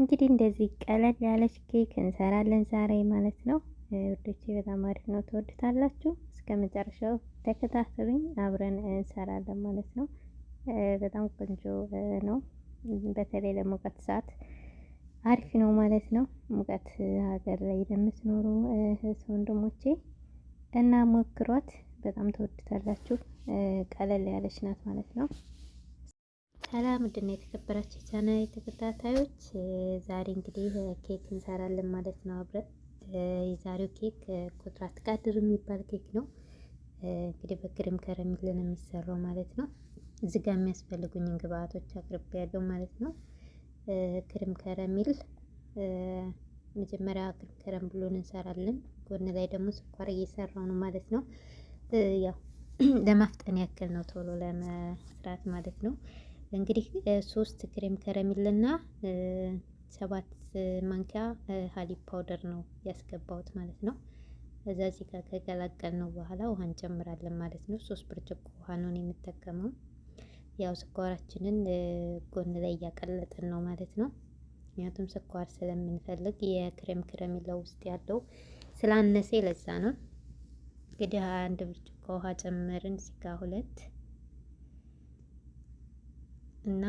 እንግዲህ እንደዚህ ቀለል ያለች ኬክ እንሰራለን ዛሬ ማለት ነው። ውዶቼ በጣም አሪፍ ነው፣ ተወድታላችሁ እስከ መጨረሻው ተከታተሉኝ፣ አብረን እንሰራለን ማለት ነው። በጣም ቆንጆ ነው። በተለይ ለሙቀት ሰዓት አሪፍ ነው ማለት ነው። ሙቀት ሀገር ላይ ለምትኖሩ ወንድሞቼ እና ሞክሯት፣ በጣም ተወድታላችሁ ቀለል ያለች ናት ማለት ነው። ሰላም ውድና የተከበራችሁ ቻናል ተከታታዮች፣ ዛሬ እንግዲህ ኬክ እንሰራለን ማለት ነው አብረን። የዛሬው ኬክ ቁጥራት ቃድር የሚባል ኬክ ነው። እንግዲህ በክሬም ከረሚል ነው የሚሰራው ማለት ነው። እዚህ ጋር የሚያስፈልጉኝን ግብአቶች አቅርቤ ያለው ማለት ነው። ክሬም ከረሚል መጀመሪያ ክሬም ከረም ብሎን እንሰራለን። ጎን ላይ ደግሞ ስኳር እየሰራው ነው ማለት ነው። ያው ለማፍጠን ያክል ነው ቶሎ ለመስራት ማለት ነው። እንግዲህ ሶስት ክሬም ከረሚልና ሰባት ማንኪያ ሀሊብ ፓውደር ነው ያስገባሁት ማለት ነው። እዛ እዚህ ጋር ከቀላቀል ነው በኋላ ውሃ እንጨምራለን ማለት ነው። ሶስት ብርጭቆ ውሃ ነው የምጠቀመው። ያው ስኳራችንን ጎን ላይ እያቀለጠን ነው ማለት ነው። ምክንያቱም ስኳር ስለምንፈልግ የክሬም ከረሚላው ውስጥ ያለው ስላነሰ ለዛ ነው። እንግዲህ አንድ ብርጭቆ ውሃ ጨመርን፣ ሲጋ ሁለት እና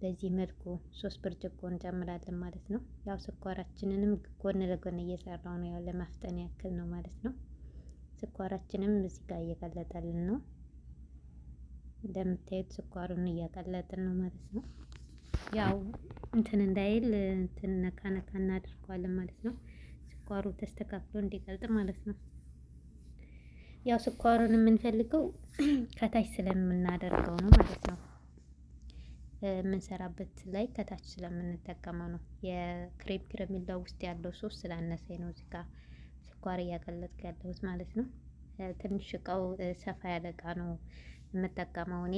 በዚህ መልኩ ሶስት ብርጭቆ እንጨምራለን ማለት ነው። ያው ስኳራችንንም ጎን ለጎን እየሰራው ነው፣ ያው ለማፍጠን ያክል ነው ማለት ነው። ስኳራችንም እዚህ ጋር እየቀለጠልን ነው። እንደምታዩት ስኳሩን እያቀለጥን ነው ማለት ነው። ያው እንትን እንዳይል እንትን ነካ ነካ እናድርገዋለን ማለት ነው። ስኳሩ ተስተካክሎ እንዲቀልጥ ማለት ነው። ያው ስኳሩን የምንፈልገው ከታች ስለምናደርገው ነው ማለት ነው። የምንሰራበት ላይ ከታች ስለምንጠቀመው ነው። የክሬም ከረሜላ ውስጥ ያለው ሶስ ስላነሰኝ ነው እዚጋ ስኳር እያቀለጥኩ ያለሁት ማለት ነው። ትንሽ እቃው ሰፋ ያለ እቃ ነው የምጠቀመው እኔ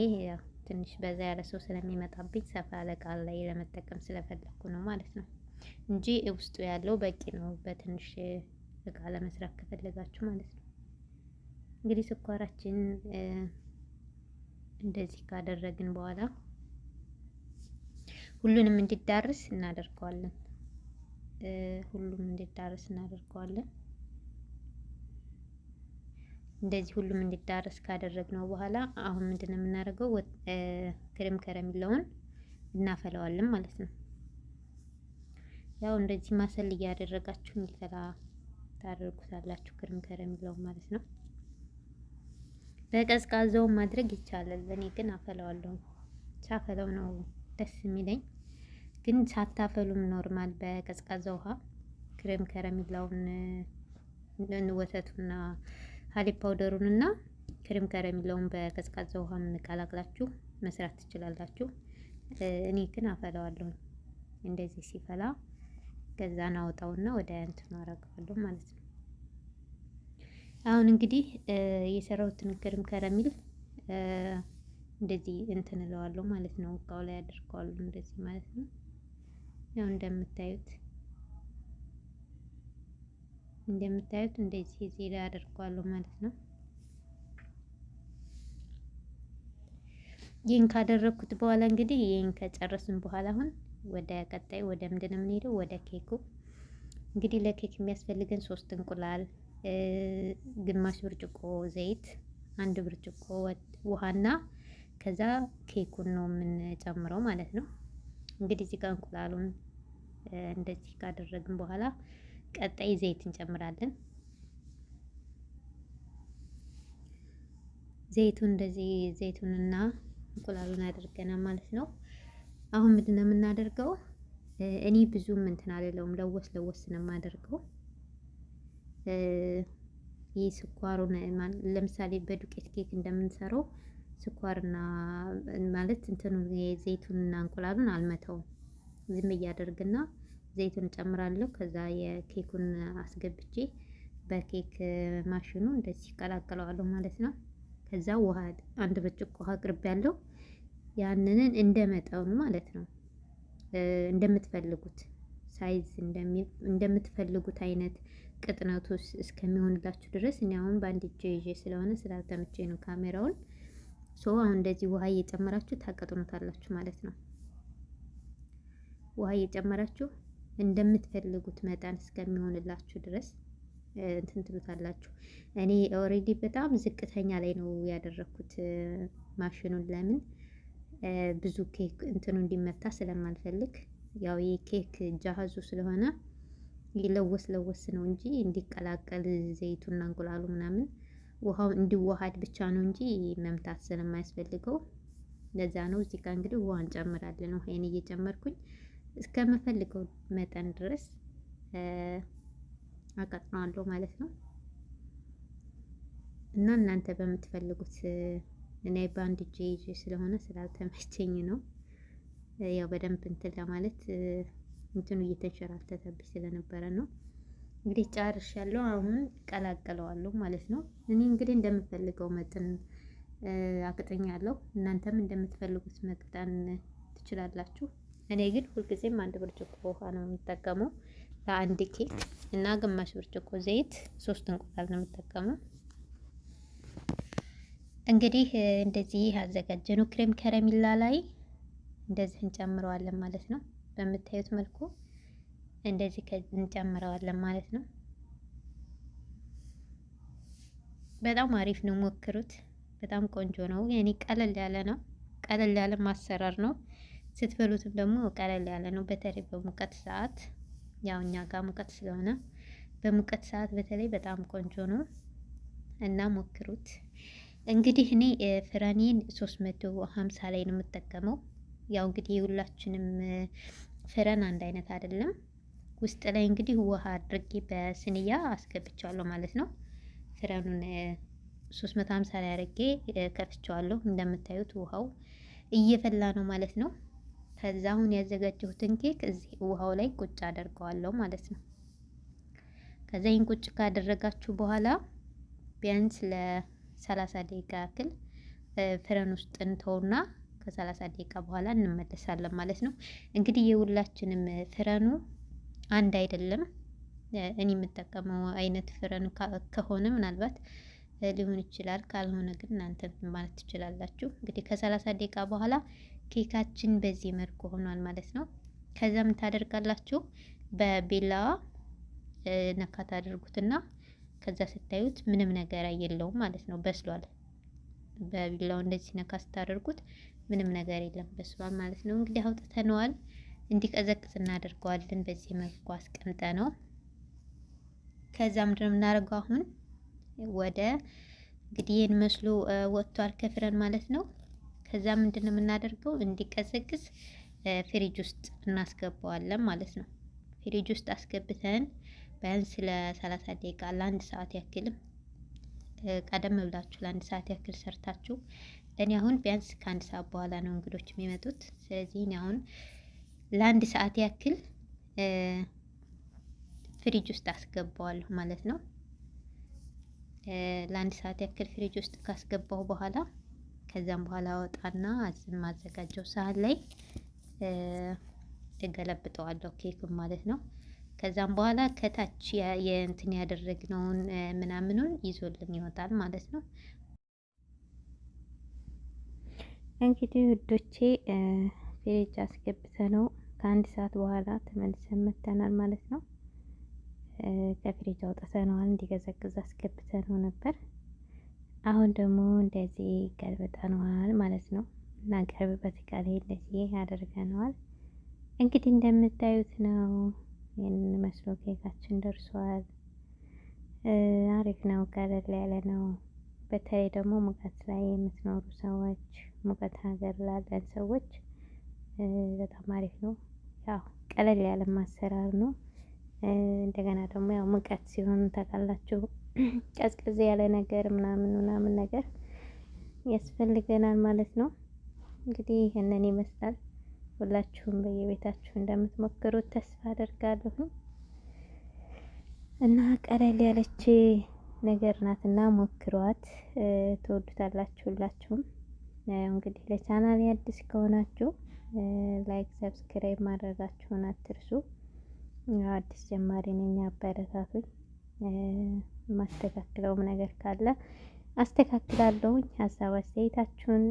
ትንሽ በዛ ያለ ሰው ስለሚመጣብኝ ሰፋ ያለ እቃ ላይ ለመጠቀም ስለፈለኩ ነው ማለት ነው እንጂ ውስጡ ያለው በቂ ነው በትንሽ እቃ ለመስራት ከፈለጋችሁ ማለት ነው። እንግዲህ ስኳራችን እንደዚህ ካደረግን በኋላ ሁሉንም እንዲዳረስ እናደርገዋለን። ሁሉም እንዲዳረስ እናደርገዋለን። እንደዚህ ሁሉም እንዲዳረስ ካደረግነው በኋላ አሁን ምንድን ነው የምናደርገው? ክሬም ከረሜላውን እናፈለዋለን ማለት ነው። ያው እንደዚህ ማሰል እያደረጋችሁ እንዲፈላ ታደርጉታላችሁ። ክሬም ከረሜላውን ማለት ነው። በቀዝቃዛውን ማድረግ ይቻላል። እኔ ግን አፈለዋለሁ። ሳፈለው ነው ደስ የሚለኝ ግን ሳታፈሉም ኖርማል በቀዝቃዛ ውሃ ክሬም ከረሚላውን ወተቱና ሀሊ ፓውደሩን እና ክሬም ከረሚላውን በቀዝቃዛ ውሃ ምንቀላቅላችሁ መስራት ትችላላችሁ። እኔ ግን አፈለዋለሁ እንደዚህ ሲፈላ ከዛን አወጣውና ወደ እንትን አረገዋለሁ ማለት ነው። አሁን እንግዲህ የሰራሁትን ክሬም ከረሚል እንደዚህ እንትን እለዋለሁ ማለት ነው። እቃው ላይ አድርገዋለሁ እንደዚህ ማለት ነው። ያው እንደምታዩት እንደምታዩት እንደዚህ እዚህ ላይ አድርገዋለሁ ማለት ነው። ይህን ካደረግኩት በኋላ እንግዲህ ይህን ከጨረስን በኋላ አሁን ወደ ቀጣይ ወደ ምንድን ነው የምንሄደው? ወደ ኬኩ እንግዲህ ለኬክ የሚያስፈልገን ሶስት እንቁላል፣ ግማሽ ብርጭቆ ዘይት፣ አንድ ብርጭቆ ውሃና ከዛ ኬኩን ነው የምንጨምረው ማለት ነው። እንግዲህ እዚህ ጋር እንቁላሉን እንደዚህ ካደረግን በኋላ ቀጣይ ዘይት እንጨምራለን። ዘይቱን እንደዚህ ዘይቱንና እንቁላሉን አድርገናል ማለት ነው። አሁን ምንድን ነው የምናደርገው? እኔ ብዙም እንትን አልለውም፣ ለወስ ለወስ ነው የማደርገው። ይህ ስኳሩን ለምሳሌ በዱቄት ኬክ እንደምንሰራው ስኳርና ማለት እንትኑ ዘይቱንና እንቁላሉን አልመተውም። ዝም እያደርግና ዘይቱን እጨምራለሁ። ከዛ የኬኩን አስገብቼ በኬክ ማሽኑ እንደዚህ ይቀላቀለዋለሁ ማለት ነው። ከዛ ውሃ አንድ ብርጭቆ ውሃ ያለው ያንንን እንደ መጠኑ ማለት ነው እንደምትፈልጉት ሳይዝ እንደምትፈልጉት አይነት ቅጥነቱ እስከሚሆንላችሁ ድረስ እኔ አሁን በአንድ እጄ ይዤ ስለሆነ ስላልተመቼ ነው ካሜራውን ሶ አሁን እንደዚህ ውሃ እየጨመራችሁ ታቀጥኑታላችሁ ማለት ነው። ውሃ እየጨመራችሁ እንደምትፈልጉት መጠን እስከሚሆንላችሁ ድረስ እንትን ትሉታላችሁ። እኔ ኦሬዲ በጣም ዝቅተኛ ላይ ነው ያደረኩት ማሽኑን። ለምን ብዙ ኬክ እንትኑ እንዲመታ ስለማልፈልግ ያው የኬክ ጃሃዙ ስለሆነ ለወስ ለወስ ነው እንጂ እንዲቀላቀል ዘይቱና እንቁላሉ ምናምን ውሃው እንዲዋሃድ ብቻ ነው እንጂ መምታት ስለማያስፈልገው ለዛ ነው። እዚህ ጋር እንግዲህ ውሃ እንጨምራለን። ውሃን እየጨመርኩኝ እስከምፈልገው መጠን ድረስ አቀጥነዋለሁ ማለት ነው። እና እናንተ በምትፈልጉት እኔ በአንድ እጄ ይዤ ስለሆነ ስላልተመቸኝ ነው። ያው በደንብ እንትን ለማለት እንትኑ እየተንሸራተተብኝ ስለነበረ ነው። እንግዲህ ጨርሻለሁ። አሁን እቀላቀለዋለሁ ማለት ነው። እኔ እንግዲህ እንደምፈልገው መጠን አቅጥኛለሁ። እናንተም እንደምትፈልጉት መቅጠን ትችላላችሁ። እኔ ግን ሁልጊዜም አንድ ብርጭቆ ውሃ ነው የምጠቀመው ለአንድ ኬክ እና ግማሽ ብርጭቆ ዘይት፣ ሶስት እንቁላል ነው የምጠቀመው። እንግዲህ እንደዚህ ያዘጋጀነው ክሬም ከረሚላ ላይ እንደዚህ እንጨምረዋለን ማለት ነው በምታዩት መልኩ እንደዚህ እንጨምረዋለን ማለት ነው። በጣም አሪፍ ነው፣ ሞክሩት። በጣም ቆንጆ ነው። የኔ ቀለል ያለ ነው፣ ቀለል ያለ ማሰራር ነው። ስትበሉትም ደግሞ ቀለል ያለ ነው። በተለይ በሙቀት ሰዓት ያው እኛ ጋር ሙቀት ስለሆነ በሙቀት ሰዓት በተለይ በጣም ቆንጆ ነው እና ሞክሩት። እንግዲህ እኔ ፍረኔን 350 ላይ ነው የምጠቀመው። ያው እንግዲህ የሁላችንም ፍረን አንድ አይነት አይደለም። ውስጥ ላይ እንግዲህ ውሃ አድርጌ በስንያ አስገብቸዋለሁ ማለት ነው። ፍረኑን 350 ላይ አድርጌ ከፍቸዋለሁ። እንደምታዩት ውሃው እየፈላ ነው ማለት ነው። ከዛ አሁን ያዘጋጀሁትን ኬክ እዚህ ውሃው ላይ ቁጭ አደርገዋለሁ ማለት ነው። ከዛ ይህን ቁጭ ካደረጋችሁ በኋላ ቢያንስ ለ30 ደቂቃ ያክል ፍረን ውስጥ እንተውና ከ30 ደቂቃ በኋላ እንመለሳለን ማለት ነው። እንግዲህ የሁላችንም ፍረኑ አንድ አይደለም። እኔ የምጠቀመው አይነት ፍረን ከሆነ ምናልባት ሊሆን ይችላል። ካልሆነ ግን እናንተ ማለት ትችላላችሁ። እንግዲህ ከሰላሳ ደቂቃ በኋላ ኬካችን በዚህ መልኩ ሆኗል ማለት ነው። ከዛ ምን ታደርጋላችሁ? በቢላዋ ነካ ታደርጉትና ከዛ ስታዩት ምንም ነገር የለውም ማለት ነው፣ በስሏል። በቢላው እንደዚህ ነካ ስታደርጉት ምንም ነገር የለም፣ በስሏል ማለት ነው። እንግዲህ አውጥተነዋል። እንዲቀዘቅዝ እናደርገዋለን። በዚህ መልኩ አስቀምጠ ነው። ከዛ ምንድነው የምናደርገው አሁን ወደ እንግዲህ ይህን መስሎ ወጥቷል ከፍረን ማለት ነው። ከዛ ምንድነው የምናደርገው እንዲቀዘቅዝ ፍሪጅ ውስጥ እናስገባዋለን ማለት ነው። ፍሪጅ ውስጥ አስገብተን ቢያንስ ለሰላሳ ደቂቃ ለአንድ ሰዓት ያክልም ቀደም ብላችሁ ለአንድ ሰዓት ያክል ሰርታችሁ እኔ አሁን ቢያንስ ከአንድ ሰዓት በኋላ ነው እንግዶች የሚመጡት። ስለዚህ እኔ አሁን ለአንድ ሰዓት ያክል ፍሪጅ ውስጥ አስገባዋለሁ ማለት ነው። ለአንድ ሰዓት ያክል ፍሪጅ ውስጥ ካስገባሁ በኋላ ከዛም በኋላ አወጣና ማዘጋጀው ሳህን ላይ እገለብጠዋለሁ ኬኩን ማለት ነው። ከዛም በኋላ ከታች የእንትን ያደረግነውን ምናምኑን ይዞልን ይወጣል ማለት ነው። እንግዲህ ውዶቼ ፍሬጅ አስገብተ ነው ከአንድ ሰዓት በኋላ ተመልሰን መተናል ማለት ነው። ከፍሪጅ አውጥተነዋል እንዲገዘግዝ አስገብተነው ነበር። አሁን ደግሞ እንደዚህ ገልብጠነዋል ማለት ነው እና ገርብበት ቃል እንደዚህ አድርገነዋል። እንግዲህ እንደምታዩት ነው። ይህንን መስሎ ኬካችን ደርሷል። አሪፍ ነው፣ ቀለል ያለ ነው። በተለይ ደግሞ ሙቀት ላይ የምትኖሩ ሰዎች፣ ሙቀት ሀገር ላለን ሰዎች በጣም አሪፍ ነው። ያው ቀለል ያለ ማሰራር ነው። እንደገና ደግሞ ያው ሙቀት ሲሆን ታውቃላችሁ ቀዝቀዝ ያለ ነገር ምናምን ምናምን ነገር ያስፈልገናል ማለት ነው። እንግዲህ ይህንን ይመስላል። ሁላችሁም በየቤታችሁ እንደምትሞክሩት ተስፋ አደርጋለሁ እና ቀለል ያለች ነገር ናትና ሞክሯት፣ ትወዱታላችሁ ሁላችሁም። እንግዲህ ለቻናል አዲስ ከሆናችሁ ላይክ ሰብስክራይብ ማድረጋችሁን አትርሱ። አዲስ ጀማሪ ነኝ፣ አበረታቱኝ። የማስተካክለውም ነገር ካለ አስተካክላለሁኝ። ሀሳብ አስተያየታችሁን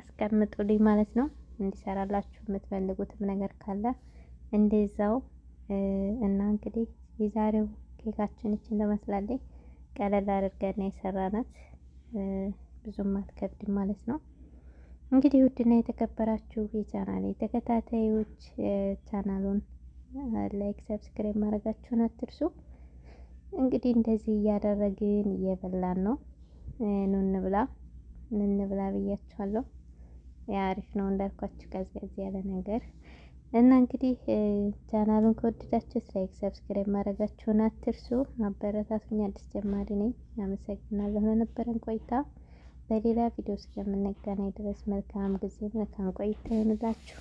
አስቀምጡልኝ ማለት ነው። እንዲሰራላችሁ የምትፈልጉትም ነገር ካለ እንደዛው እና እንግዲህ የዛሬው ኬካችን ይችን ትመስላለች። ቀለል አድርገን የሰራናት ብዙም አትከብድም ማለት ነው። እንግዲህ ውድና የተከበራችሁ የቻናል ተከታታዮች ቻናሉን ላይክ፣ ሰብስክራይብ ማድረጋችሁን አትርሱ። እንግዲህ እንደዚህ እያደረግን እየበላን ነው። ኑ እንብላ፣ ኑን ብላ ኑ ብላ ብያችኋለሁ አሪፍ ነው እንዳልኳችሁ ቀዝቀዝ ያለ ነገር እና እንግዲህ ቻናሉን ከወደዳችሁት ላይክ፣ ሰብስክራይብ ማድረጋችሁን አትርሱ። አበረታቱኝ። አዲስ ጀማሪ ነኝ። አመሰግናለሁ ለነበረን ቆይታ በሌላ ቪዲዮ እስከምንገናኝ ድረስ መልካም ጊዜ፣ መልካም ቆይታ ይሆንላችሁ።